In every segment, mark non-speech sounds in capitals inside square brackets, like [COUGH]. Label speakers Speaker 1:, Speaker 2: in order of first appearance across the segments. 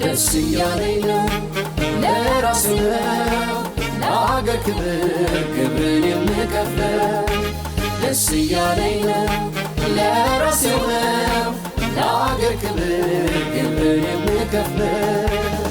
Speaker 1: ደስ እያለኝ ነው ለራስ ነው ለአገር ክብር ክብርን የምከፍለው ደስ እያለኝ ነው ለራስ ለአገር ክብር ክብርን የምከፍለው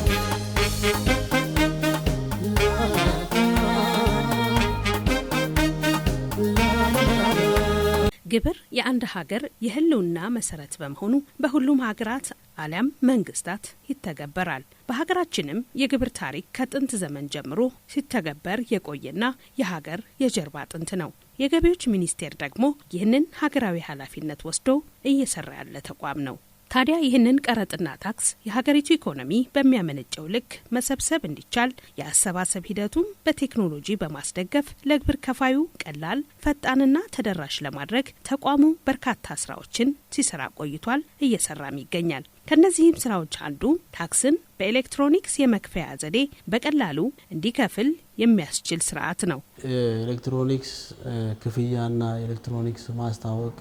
Speaker 1: ግብር የአንድ ሀገር የህልውና መሰረት በመሆኑ በሁሉም ሀገራት አሊያም መንግስታት ይተገበራል። በሀገራችንም የግብር ታሪክ ከጥንት ዘመን ጀምሮ ሲተገበር የቆየና የሀገር የጀርባ አጥንት ነው። የገቢዎች ሚኒስቴር ደግሞ ይህንን ሀገራዊ ኃላፊነት ወስዶ እየሰራ ያለ ተቋም ነው። ታዲያ ይህንን ቀረጥና ታክስ የሀገሪቱ ኢኮኖሚ በሚያመነጨው ልክ መሰብሰብ እንዲቻል የአሰባሰብ ሂደቱም በቴክኖሎጂ በማስደገፍ ለግብር ከፋዩ ቀላል፣ ፈጣንና ተደራሽ ለማድረግ ተቋሙ በርካታ ስራዎችን ሲሰራ ቆይቷል፣ እየሰራም ይገኛል። ከእነዚህም ስራዎች አንዱ ታክስን በኤሌክትሮኒክስ የመክፈያ ዘዴ በቀላሉ እንዲከፍል የሚያስችል ስርዓት ነው።
Speaker 2: ኤሌክትሮኒክስ ክፍያና ኤሌክትሮኒክስ ማስታወቅ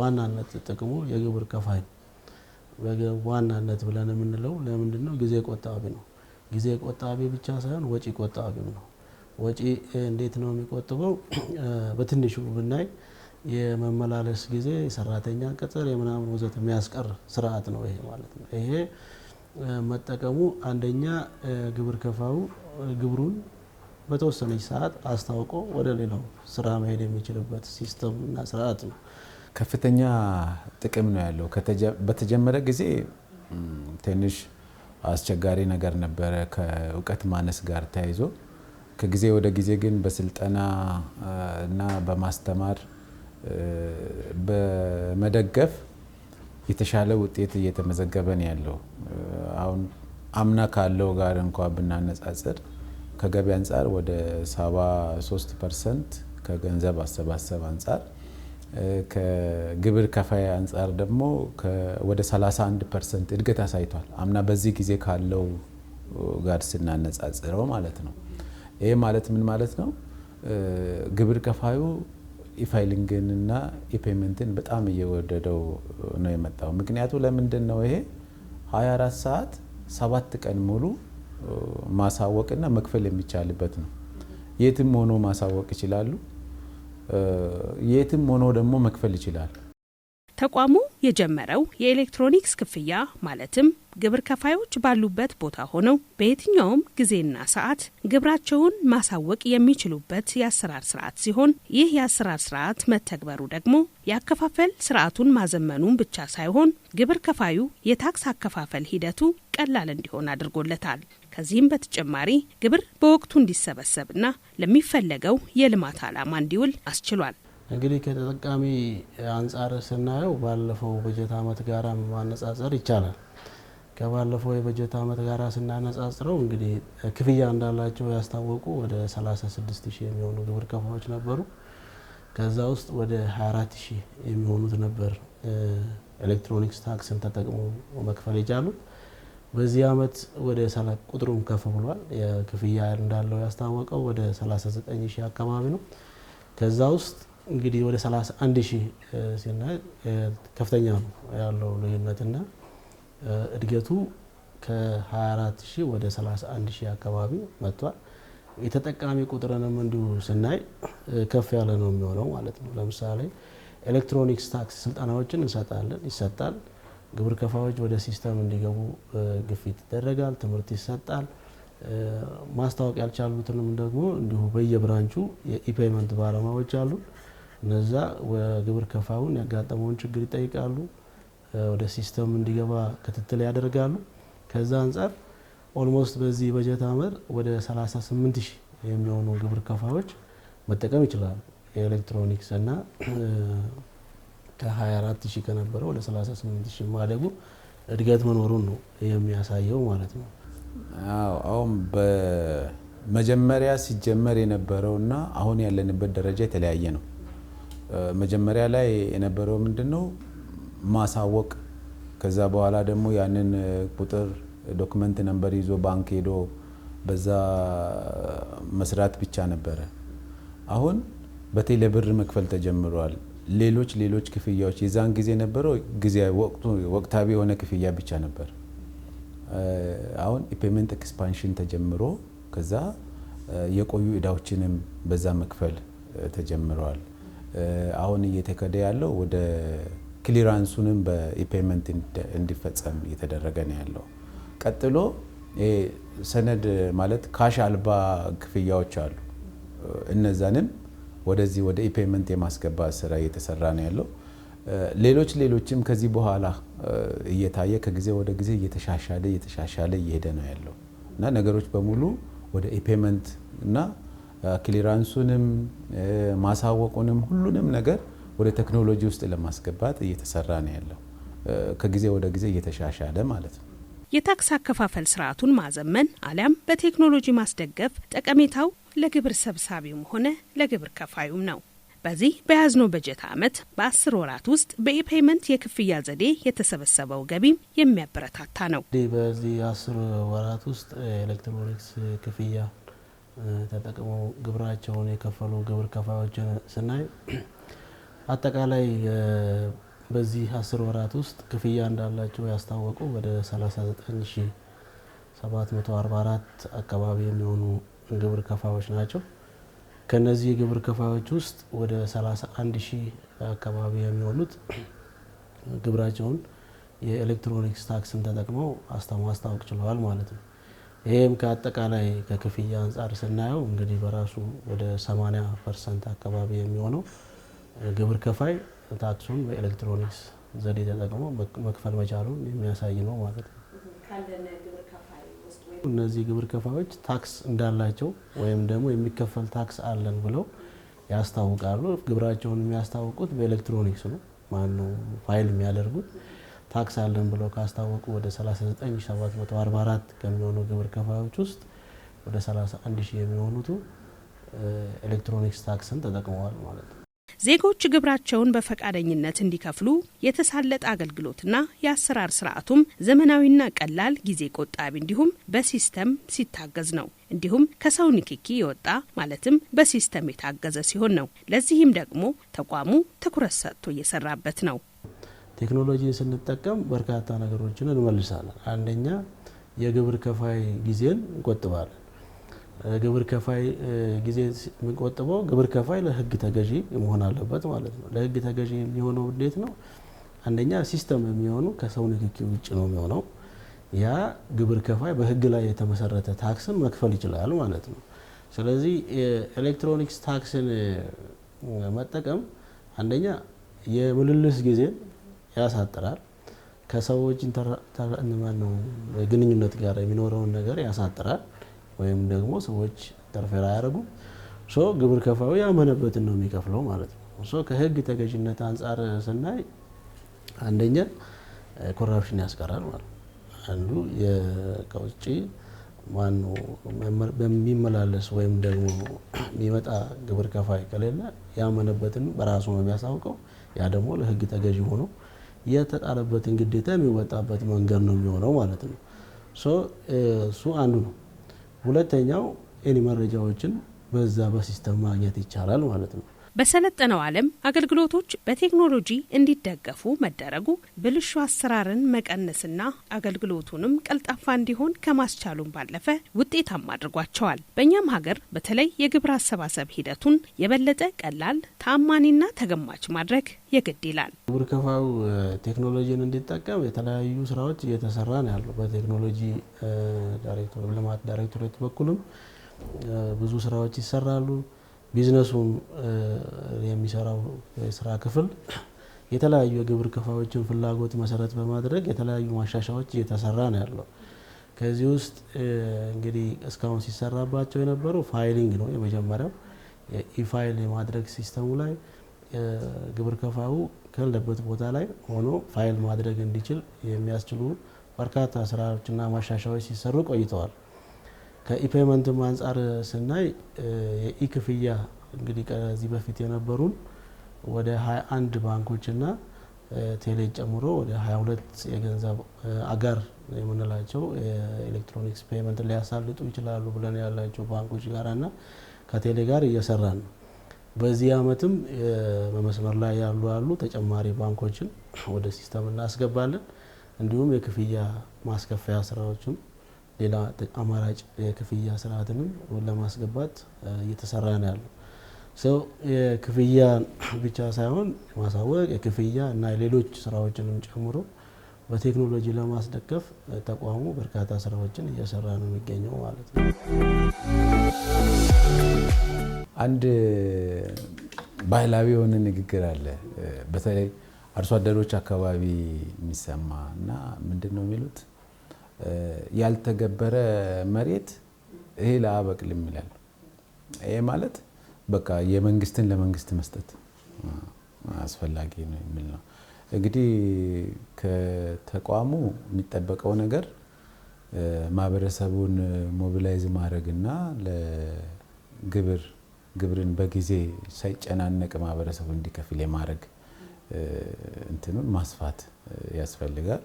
Speaker 2: ዋናነት ጥቅሙ የግብር ከፋይ በዋናነት ብለን የምንለው ለምንድን ነው? ጊዜ ቆጣቢ ነው። ጊዜ ቆጣቢ ብቻ ሳይሆን ወጪ ቆጣቢም ነው። ወጪ እንዴት ነው የሚቆጥበው? [CLEARS THROAT] በትንሹ ብናይ የመመላለስ ጊዜ፣ ሰራተኛ ቅጥር፣ የምናምን ወዘት የሚያስቀር ስርዓት ነው ይሄ ማለት ነው። ይሄ መጠቀሙ አንደኛ ግብር ከፋዩ ግብሩን በተወሰነች ሰዓት አስታውቆ ወደ ሌላው ስራ መሄድ የሚችልበት ሲስተም እና ስርዓት ነው።
Speaker 3: ከፍተኛ ጥቅም ነው ያለው። በተጀመረ ጊዜ ትንሽ አስቸጋሪ ነገር ነበረ ከእውቀት ማነስ ጋር ተያይዞ ከጊዜ ወደ ጊዜ ግን በስልጠና እና በማስተማር በመደገፍ የተሻለ ውጤት እየተመዘገበ ነው ያለው። አሁን አምና ካለው ጋር እንኳ ብናነጻጽር ከገቢ አንጻር ወደ 73 ፐርሰንት ከገንዘብ አሰባሰብ አንጻር ከግብር ከፋይ አንጻር ደግሞ ወደ 31 ፐርሰንት እድገት አሳይቷል። አምና በዚህ ጊዜ ካለው ጋር ስናነጻጽረው ማለት ነው። ይህ ማለት ምን ማለት ነው? ግብር ከፋዩ ኢፋይሊንግን ና ኢፔመንትን በጣም እየወደደው ነው የመጣው። ምክንያቱ ለምንድን ነው? ይሄ 24 ሰዓት ሰባት ቀን ሙሉ ማሳወቅና መክፈል የሚቻልበት ነው። የትም ሆኖ ማሳወቅ ይችላሉ። የትም ሆኖ ደግሞ መክፈል ይችላል።
Speaker 1: ተቋሙ የጀመረው የኤሌክትሮኒክስ ክፍያ ማለትም ግብር ከፋዮች ባሉበት ቦታ ሆነው በየትኛውም ጊዜና ሰዓት ግብራቸውን ማሳወቅ የሚችሉበት የአሰራር ስርዓት ሲሆን ይህ የአሰራር ስርዓት መተግበሩ ደግሞ የአከፋፈል ስርዓቱን ማዘመኑን ብቻ ሳይሆን ግብር ከፋዩ የታክስ አከፋፈል ሂደቱ ቀላል እንዲሆን አድርጎለታል። ከዚህም በተጨማሪ ግብር በወቅቱ እንዲሰበሰብና ለሚፈለገው የልማት ዓላማ እንዲውል አስችሏል።
Speaker 2: እንግዲህ ከተጠቃሚ አንጻር ስናየው ባለፈው በጀት አመት ጋራ ማነጻጸር ይቻላል። ከባለፈው የበጀት አመት ጋራ ስናነጻጽረው እንግዲህ ክፍያ እንዳላቸው ያስታወቁ ወደ 36 ሺህ የሚሆኑ ግብር ከፋዎች ነበሩ። ከዛ ውስጥ ወደ 24 ሺህ የሚሆኑት ነበር ኤሌክትሮኒክስ ታክስን ተጠቅሞ መክፈል የቻሉት። በዚህ አመት ወደ ቁጥሩም ከፍ ብሏል። የክፍያ እንዳለው ያስታወቀው ወደ 39 ሺህ አካባቢ ነው። ከዛ ውስጥ እንግዲህ ወደ 31 ሺህ ሲናይ ከፍተኛ ነው ያለው ልዩነትና እድገቱ ከ24 ሺህ ወደ 31 ሺህ አካባቢ መጥቷል። የተጠቃሚ ቁጥርንም እንዲሁ ስናይ ከፍ ያለ ነው የሚሆነው ማለት ነው። ለምሳሌ ኤሌክትሮኒክስ ታክስ ስልጠናዎችን እንሰጣለን ይሰጣል። ግብር ከፋዎች ወደ ሲስተም እንዲገቡ ግፊት ይደረጋል። ትምህርት ይሰጣል። ማስታወቅ ያልቻሉትንም ደግሞ እንዲሁ በየብራንቹ የኢፔመንት ባለሙያዎች አሉ። እነዛ ግብር ከፋውን ያጋጠመውን ችግር ይጠይቃሉ። ወደ ሲስተም እንዲገባ ክትትል ያደርጋሉ። ከዛ አንጻር ኦልሞስት በዚህ በጀት አመር ወደ 38 ሺህ የሚሆኑ ግብር ከፋዎች መጠቀም ይችላሉ። ኤሌክትሮኒክስ እና ከ24 ሺህ ከነበረ ወደ 38 ሺህ ማደጉ እድገት መኖሩን ነው የሚያሳየው ማለት ነው።
Speaker 3: አሁን በመጀመሪያ ሲጀመር እና አሁን ያለንበት ደረጃ የተለያየ ነው። መጀመሪያ ላይ የነበረው ምንድን ነው ማሳወቅ። ከዛ በኋላ ደግሞ ያንን ቁጥር ዶክመንት ነንበር ይዞ ባንክ ሄዶ በዛ መስራት ብቻ ነበረ። አሁን በቴሌብር መክፈል ተጀምሯል። ሌሎች ሌሎች ክፍያዎች የዛን ጊዜ ነበረው ጊዜ ወቅታዊ የሆነ ክፍያ ብቻ ነበር። አሁን የፔመንት ኤክስፓንሽን ተጀምሮ ከዛ የቆዩ እዳዎችንም በዛ መክፈል ተጀምረዋል። አሁን እየተከደ ያለው ወደ ክሊራንሱንም በኢፔመንት እንዲፈጸም እየተደረገ ነው ያለው። ቀጥሎ ሰነድ ማለት ካሽ አልባ ክፍያዎች አሉ። እነዛንም ወደዚህ ወደ ኢፔመንት የማስገባት ስራ እየተሰራ ነው ያለው። ሌሎች ሌሎችም ከዚህ በኋላ እየታየ ከጊዜ ወደ ጊዜ እየተሻሻለ እየተሻሻለ እየሄደ ነው ያለው እና ነገሮች በሙሉ ወደ ኢፔመንት እና ክሊራንሱንም ማሳወቁንም ሁሉንም ነገር ወደ ቴክኖሎጂ ውስጥ ለማስገባት እየተሰራ ነው ያለው። ከጊዜ ወደ ጊዜ እየተሻሻለ ማለት ነው።
Speaker 1: የታክስ አከፋፈል ስርዓቱን ማዘመን አሊያም በቴክኖሎጂ ማስደገፍ ጠቀሜታው ለግብር ሰብሳቢውም ሆነ ለግብር ከፋዩም ነው። በዚህ በያዝነው በጀት ዓመት በአስር ወራት ውስጥ በኢፔመንት የክፍያ ዘዴ የተሰበሰበው ገቢም የሚያበረታታ ነው።
Speaker 2: በዚህ አስር ወራት ውስጥ ኤሌክትሮኒክስ ክፍያ ተጠቅመው ግብራቸውን የከፈሉ ግብር ከፋዮችን ስናይ [CLEARS THROAT] አጠቃላይ በዚህ አስር ወራት ውስጥ ክፍያ እንዳላቸው ያስታወቁ ወደ 39744 አካባቢ የሚሆኑ ግብር ከፋዮች ናቸው። ከነዚህ የግብር ከፋዮች ውስጥ ወደ 31 ሺህ አካባቢ የሚሆኑት [CLEARS THROAT] ግብራቸውን የኤሌክትሮኒክስ ታክስን ተጠቅመው አስታማስታወቅ ችለዋል ማለት ነው። ይህም ከአጠቃላይ ከክፍያ አንጻር ስናየው እንግዲህ በራሱ ወደ 80 ፐርሰንት አካባቢ የሚሆነው ግብር ከፋይ ታክሱን በኤሌክትሮኒክስ ዘዴ ተጠቅሞ መክፈል መቻሉን የሚያሳይ ነው ማለት ነው። እነዚህ ግብር ከፋዮች ታክስ እንዳላቸው ወይም ደግሞ የሚከፈል ታክስ አለን ብለው ያስታውቃሉ። ግብራቸውን የሚያስታውቁት በኤሌክትሮኒክስ ነው። ማነው ፋይል የሚያደርጉት ታክስ አለን ብለው ካስታወቁ ወደ 39744 ከሚሆኑ ግብር ከፋዮች ውስጥ ወደ 31 ሺህ የሚሆኑቱ ኤሌክትሮኒክስ ታክስን ተጠቅመዋል ማለት ነው።
Speaker 1: ዜጎች ግብራቸውን በፈቃደኝነት እንዲከፍሉ የተሳለጠ አገልግሎትና የአሰራር ስርዓቱም ዘመናዊና ቀላል፣ ጊዜ ቆጣቢ እንዲሁም በሲስተም ሲታገዝ ነው። እንዲሁም ከሰው ንክኪ የወጣ ማለትም በሲስተም የታገዘ ሲሆን ነው። ለዚህም ደግሞ ተቋሙ ትኩረት ሰጥቶ እየሰራበት ነው።
Speaker 2: ቴክኖሎጂን ስንጠቀም በርካታ ነገሮችን እንመልሳለን። አንደኛ የግብር ከፋይ ጊዜን እንቆጥባለን። ግብር ከፋይ ጊዜ የምንቆጥበው ግብር ከፋይ ለሕግ ተገዢ መሆን አለበት ማለት ነው። ለሕግ ተገዢ የሚሆነው እንዴት ነው? አንደኛ ሲስተም የሚሆኑ ከሰው ንክኪ ውጭ ነው የሚሆነው። ያ ግብር ከፋይ በሕግ ላይ የተመሰረተ ታክስን መክፈል ይችላል ማለት ነው። ስለዚህ ኤሌክትሮኒክስ ታክስን መጠቀም አንደኛ የምልልስ ጊዜን ያሳጥራል። ከሰዎች ነው ግንኙነት ጋር የሚኖረውን ነገር ያሳጥራል። ወይም ደግሞ ሰዎች ኢንተርፌር አያደርጉም። ሶ ግብር ከፋዩ ያመነበትን ነው የሚከፍለው ማለት ነው። ሶ ከህግ ተገዥነት አንጻር ስናይ አንደኛ ኮራፕሽን ያስቀራል ማለት ነው። አንዱ ከውጭ ማነው በሚመላለስ ወይም ደግሞ የሚመጣ ግብር ከፋይ ከሌለ ያመነበትን በራሱ ነው የሚያሳውቀው። ያ ደግሞ ለህግ ተገዢ ሆነው የተጣለበትን ግዴታ የሚወጣበት መንገድ ነው የሚሆነው ማለት ነው። እሱ አንዱ ነው። ሁለተኛው ኤኒ መረጃዎችን በዛ በሲስተም ማግኘት ይቻላል ማለት ነው።
Speaker 1: በሰለጠነው ዓለም አገልግሎቶች በቴክኖሎጂ እንዲደገፉ መደረጉ ብልሹ አሰራርን መቀነስና አገልግሎቱንም ቀልጣፋ እንዲሆን ከማስቻሉም ባለፈ ውጤታማ አድርጓቸዋል። በእኛም ሀገር በተለይ የግብር አሰባሰብ ሂደቱን የበለጠ ቀላል፣ ተአማኒና ተገማች ማድረግ የግድ ይላል።
Speaker 2: ግብር ከፋው ቴክኖሎጂን እንዲጠቀም የተለያዩ ስራዎች እየተሰራ ነው ያለው በቴክኖሎጂ ልማት ዳይሬክቶሬት በኩልም ብዙ ስራዎች ይሰራሉ። ቢዝነሱም የሚሰራው የስራ ክፍል የተለያዩ የግብር ከፋዮችን ፍላጎት መሰረት በማድረግ የተለያዩ ማሻሻዎች እየተሰራ ነው ያለው። ከዚህ ውስጥ እንግዲህ እስካሁን ሲሰራባቸው የነበረው ፋይሊንግ ነው የመጀመሪያው። ኢፋይል የማድረግ ሲስተሙ ላይ ግብር ከፋዩ ከለበት ቦታ ላይ ሆኖ ፋይል ማድረግ እንዲችል የሚያስችሉ በርካታ ስራዎችና ማሻሻዎች ሲሰሩ ቆይተዋል። ከኢፔመንትም አንጻር ስናይ የኢ ክፍያ እንግዲህ ከዚህ በፊት የነበሩን ወደ 21 ባንኮችና ቴሌን ጨምሮ ወደ 22 የገንዘብ አጋር የምንላቸው የኤሌክትሮኒክስ ፔመንት ሊያሳልጡ ይችላሉ ብለን ያላቸው ባንኮች ጋርና ከቴሌ ጋር እየሰራን ነው። በዚህ አመትም በመስመር ላይ ያሉ ያሉ ተጨማሪ ባንኮችን ወደ ሲስተም እናስገባለን። እንዲሁም የክፍያ ማስከፈያ ስራዎችም ሌላ አማራጭ የክፍያ ስርዓትንም ለማስገባት እየተሰራ ነው ያለው። ሰው የክፍያ ብቻ ሳይሆን ማሳወቅ የክፍያ እና ሌሎች ስራዎችንም ጨምሮ በቴክኖሎጂ ለማስደገፍ ተቋሙ በርካታ ስራዎችን እየሰራ ነው የሚገኘው ማለት ነው።
Speaker 3: አንድ ባህላዊ የሆነ ንግግር አለ፣ በተለይ አርሶ አደሮች አካባቢ የሚሰማ እና ምንድን ነው የሚሉት ያልተገበረ መሬት እህል አያበቅልም ይላል። ይሄ ማለት በቃ የመንግስትን ለመንግስት መስጠት አስፈላጊ ነው የሚል ነው። እንግዲህ ከተቋሙ የሚጠበቀው ነገር ማህበረሰቡን ሞቢላይዝ ማድረግና ለግብር ግብርን በጊዜ ሳይጨናነቅ ማህበረሰቡ እንዲከፍል የማድረግ እንትኑን ማስፋት ያስፈልጋል።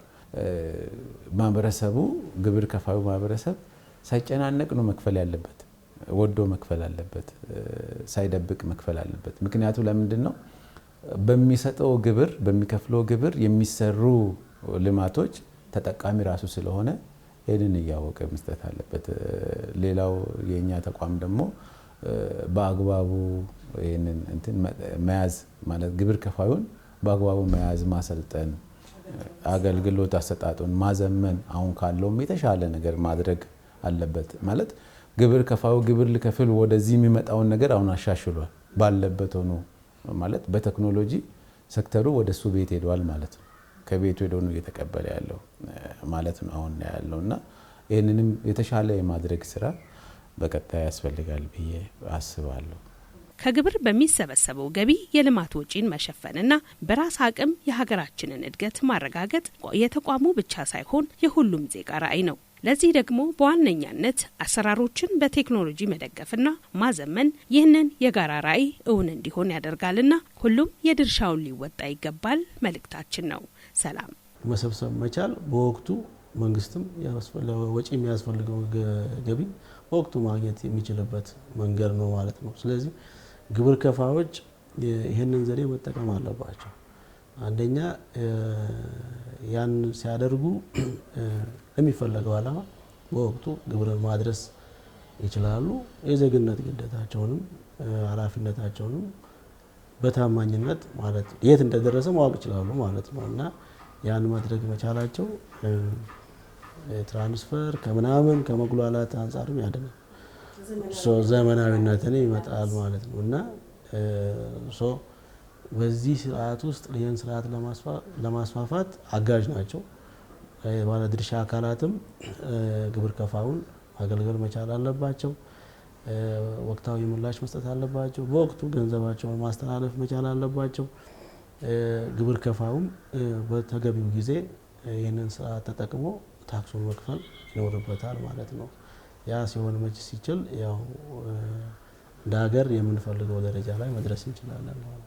Speaker 3: ማህበረሰቡ ግብር ከፋዩ ማህበረሰብ ሳይጨናነቅ ነው መክፈል ያለበት። ወዶ መክፈል አለበት። ሳይደብቅ መክፈል አለበት። ምክንያቱ ለምንድን ነው? በሚሰጠው ግብር በሚከፍለው ግብር የሚሰሩ ልማቶች ተጠቃሚ ራሱ ስለሆነ ይህንን እያወቀ መስጠት አለበት። ሌላው የእኛ ተቋም ደግሞ በአግባቡ ይህንን እንትን መያዝ ማለት ግብር ከፋዩን በአግባቡ መያዝ ማሰልጠን አገልግሎት አሰጣጡን ማዘመን አሁን ካለውም የተሻለ ነገር ማድረግ አለበት። ማለት ግብር ከፋዩ ግብር ልከፍል ወደዚህ የሚመጣውን ነገር አሁን አሻሽሏል ባለበት ሆኖ ማለት በቴክኖሎጂ ሴክተሩ ወደሱ ቤት ሄደዋል ማለት ነው። ከቤቱ ሄዶ ነው እየተቀበለ ያለው ማለት ነው አሁን ያለው እና ይህንንም የተሻለ የማድረግ ስራ በቀጣይ ያስፈልጋል ብዬ አስባለሁ።
Speaker 1: ከግብር በሚሰበሰበው ገቢ የልማት ወጪን መሸፈንና በራስ አቅም የሀገራችንን እድገት ማረጋገጥ የተቋሙ ብቻ ሳይሆን የሁሉም ዜጋ ራዕይ ነው። ለዚህ ደግሞ በዋነኛነት አሰራሮችን በቴክኖሎጂ መደገፍና ማዘመን ይህንን የጋራ ራዕይ እውን እንዲሆን ያደርጋልና ሁሉም የድርሻውን ሊወጣ ይገባል መልእክታችን ነው። ሰላም
Speaker 2: መሰብሰብ መቻል በወቅቱ መንግስትም ወጪ የሚያስፈልገው ገቢ በወቅቱ ማግኘት የሚችልበት መንገድ ነው ማለት ነው። ስለዚህ ግብር ከፋዎች ይህንን ዘዴ መጠቀም አለባቸው። አንደኛ ያን ሲያደርጉ ለሚፈለገው ዓላማ በወቅቱ ግብርን ማድረስ ይችላሉ። የዜግነት ግዴታቸውንም ኃላፊነታቸውንም በታማኝነት ማለት የት እንደደረሰ ማወቅ ይችላሉ ማለት ነው እና ያን ማድረግ መቻላቸው ትራንስፈር ከምናምን ከመጉላላት አንጻርም ያድናል። ዘመናዊነትን ይመጣል ማለት ነው እና በዚህ ስርዓት ውስጥ ይህን ስርዓት ለማስፋፋት አጋዥ ናቸው። ድርሻ አካላትም ግብር ከፋውን ማገልገል መቻል አለባቸው። ወቅታዊ ምላሽ መስጠት አለባቸው። በወቅቱ ገንዘባቸውን ማስተላለፍ መቻል አለባቸው። ግብር ከፋውም በተገቢው ጊዜ ይህንን ስርዓት ተጠቅሞ ታክሱን መክፈል ይኖርበታል ማለት ነው። ያ ሲሆን መች ሲችል ያው እንደ ሀገር የምንፈልገው ደረጃ ላይ መድረስ እንችላለን ማለት ነው።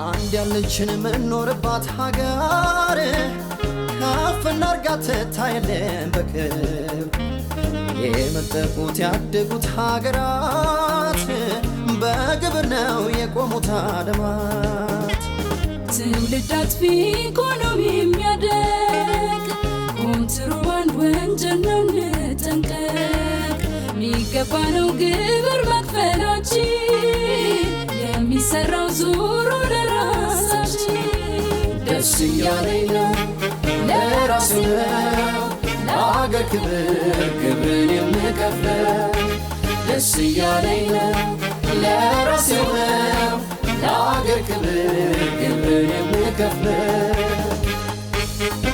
Speaker 4: አንድ ያለችን የምንኖርባት ሀገር ከፍና እርጋት ታየልን በክብ የመጠቁት ያደጉት ሀገራት በግብር ነው የቆሙት አለማት።
Speaker 5: ትውልድ አጥፊ ኢኮኖሚ የሚያደግ ኮንትሮባንድ ወንጀል ነው፣ እንጠንቀቅ። ሚገባ ነው ግብር መክፈላችን የሚሰራው ዙሮ ለራሳችን ደስ እያለኝ ነው ለራስ ነው ለአገር ክብር ክብርን የምከፍለው ደስ እያለኝ ነው ለራስ ነው ለአገር ክብር ክብርን የምከፍለው